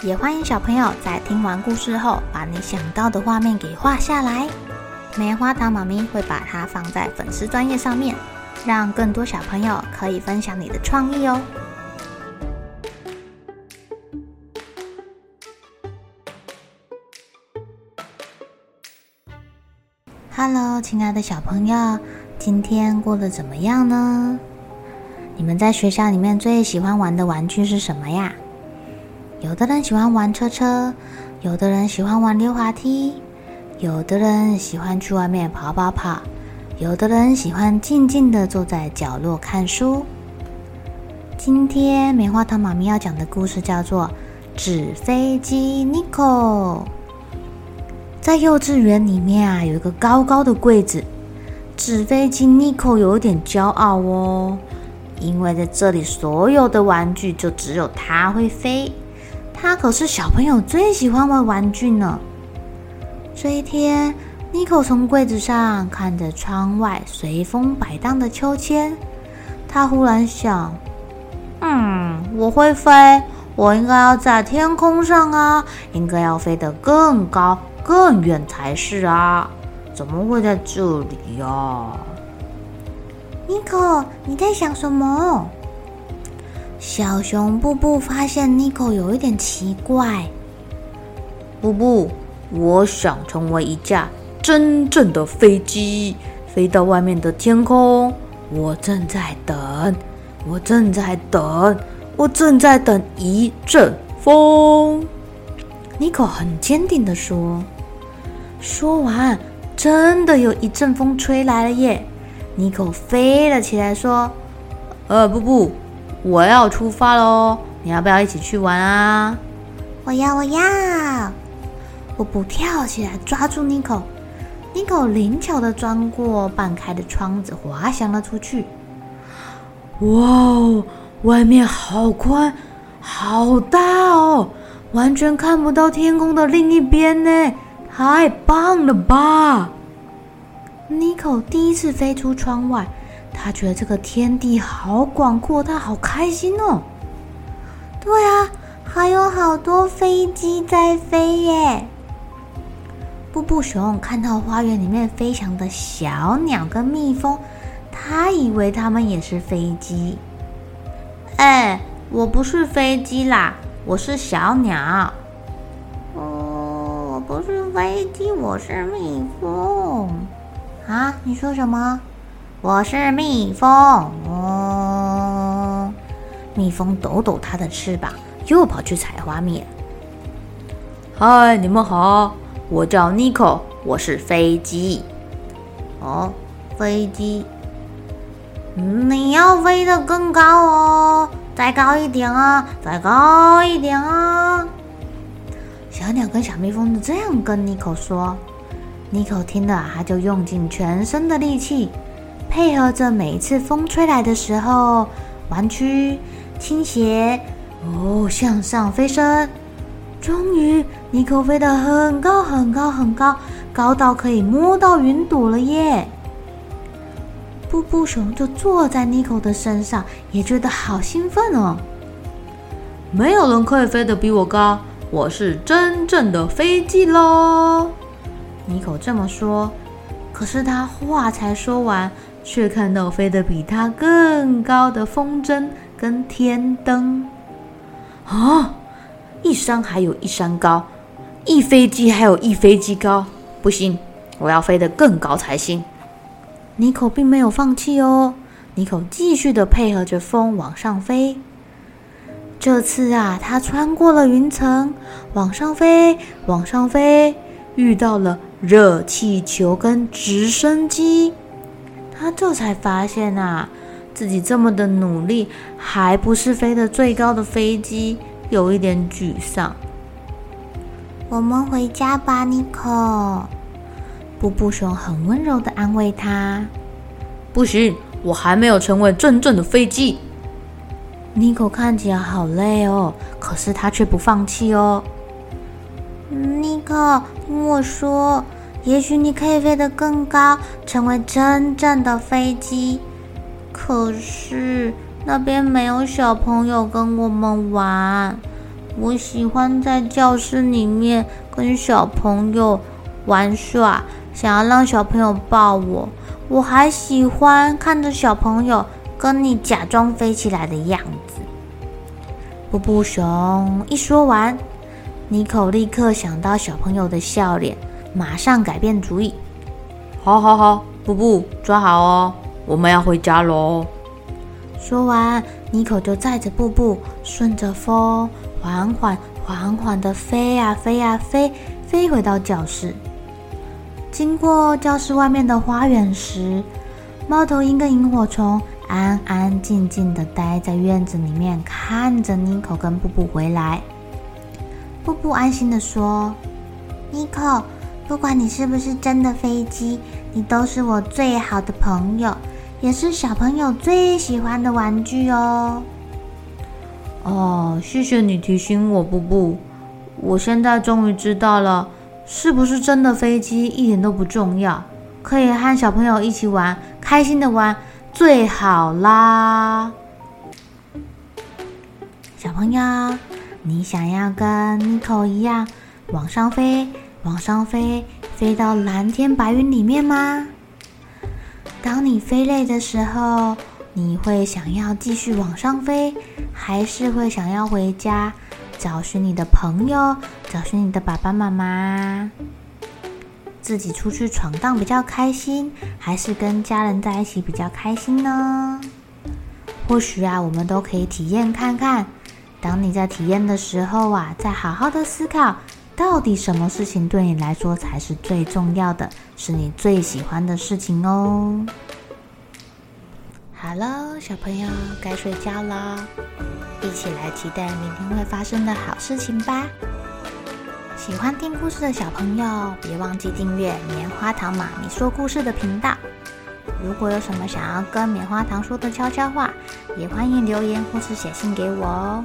也歡迎小朋友在聽完故事後，把你想到的畫面給畫下來。棉花糖媽咪會把它放在粉絲專頁上面，讓更多小朋友可以分享你的創意哦。Hello，親愛的小朋友，今天過得怎麼樣呢？你們在學校裡面最喜歡玩的玩具是什麼呀？有的人喜歡玩車車，有的人喜歡玩溜滑梯，有的人喜歡去外面跑跑跑，有的人喜歡靜靜的坐在角落看書。今天棉花糖媽咪要講的故事叫做《紙飛機尼克》。在幼稚園裡面啊，有一個高高的櫃子，紙飛機尼克有點驕傲哦，因為在這裡所有的玩具就只有它會飛。他可是小朋友最喜歡玩玩具呢。這一天，尼克從櫃子上看着窗外隨風擺盪的秋千，他忽然想：“嗯，我會飛，我應該要在天空上啊，應該要飛得更高更遠才是啊，怎麼會在這裡呀？”尼克，你在想什麼？小熊布布發現尼克有一點奇怪。布布，我想成為一架真正的飛機，飛到外面的天空。我正在等，我正在等，我正在等一陣風。尼克很堅定地說。說完，真的有一陣風吹來了耶！尼克飛了起來，說：“呃，布布。”我要出發嘍！你要不要一起去玩啊？我要，我要！我不跳起來抓住尼克，尼克靈巧的鑽過半開的窗子，滑翔了出去。哇哦，外面好寬，好大哦，完全看不到天空的另一邊呢！太棒了吧！尼克第一次飛出窗外。他覺得這個天地好廣闊，他好開心哦。對啊，還有好多飛機在飛耶！布布熊看到花園裡面飛翔的小鳥跟蜜蜂，他以為他們也是飛機。哎，我不是飛機啦，我是小鳥。哦，我不是飛機，我是蜜蜂。啊，你說什麼？我是蜜蜂，哦，蜜蜂抖抖它的翅膀，又跑去採花蜜。嗨，你們好，我叫尼克，我是飛機。哦，飛機，你要飛得更高哦，再高一點啊，再高一點啊！小鳥跟小蜜蜂這樣跟尼克說，尼克聽了，啊，就用盡全身的力氣。配合着每一次風吹來的時候，彎曲、傾斜，哦，向上飛升。終於，尼克飛得很高很高很高，高到可以摸到雲朵了耶！布布熊就坐在尼克的身上，也覺得好興奮哦。沒有人可以飛得比我高，我是真正的飛機嘍！尼克這麼說，可是他話才說完。卻看到飛得比他更高的風箏跟天燈，啊、哦，一山還有一山高，一飛機還有一飛機高，不行，我要飛得更高才行。尼克並沒有放棄哦，尼克繼續的配合着風往上飛。這次啊，他穿過了雲層，往上飛，往上飛，遇到了熱氣球跟直升機。他這才發現啊，自己這麼的努力，還不是飛得最高的飛機，有一點沮喪。我們回家吧，尼克。布布熊很溫柔的安慰他。不行，我還沒有成為真正，正的飛機。尼克看起來好累哦，可是他卻不放棄哦。尼克，聽我說。也許你可以飛得更高，成為真正的飛機。可是那邊沒有小朋友跟我們玩。我喜歡在教室裡面跟小朋友玩耍，想要讓小朋友抱我。我還喜歡看着小朋友跟你假裝飛起來的樣子。布布熊一說完，尼克立刻想到小朋友的笑臉。馬上改變主意！好，好，好，布布，抓好哦！我們要回家嘍。說完，尼克就載着布布，順着風，緩緩、緩緩的飛呀飛呀飛，飛回到教室。經過教室外面的花園時，貓頭鷹跟螢火蟲安安靜靜的待在院子裡面，看着尼克跟布布回來。布布安心的說：“尼克。”不管你是不是真的飛機，你都是我最好的朋友，也是小朋友最喜歡的玩具哦。哦，謝謝你提醒我。不不，我現在終於知道了，是不是真的飛機一點都不重要，可以和小朋友一起玩，開心的玩最好啦。小朋友，你想要跟尼克一樣往上飛？往上飛，飛到藍天白雲裡面嗎？當你飛累的時候，你會想要繼續往上飛，還是會想要回家，找尋你的朋友，找尋你的爸爸媽媽？自己出去闖蕩比較開心，還是跟家人在一起比較開心呢？或許啊，我們都可以體驗看看。當你在體驗的時候啊，再好好的思考。到底什麼事情對你來說才是最重要的？是你最喜歡的事情哦。好了，小朋友該睡覺了，一起來期待明天會發生的好事情吧。喜歡聽故事的小朋友，別忘記訂閱《棉花糖媽咪說故事》的頻道。如果有什麼想要跟棉花糖說的悄悄話，也歡迎留言或是寫信給我哦。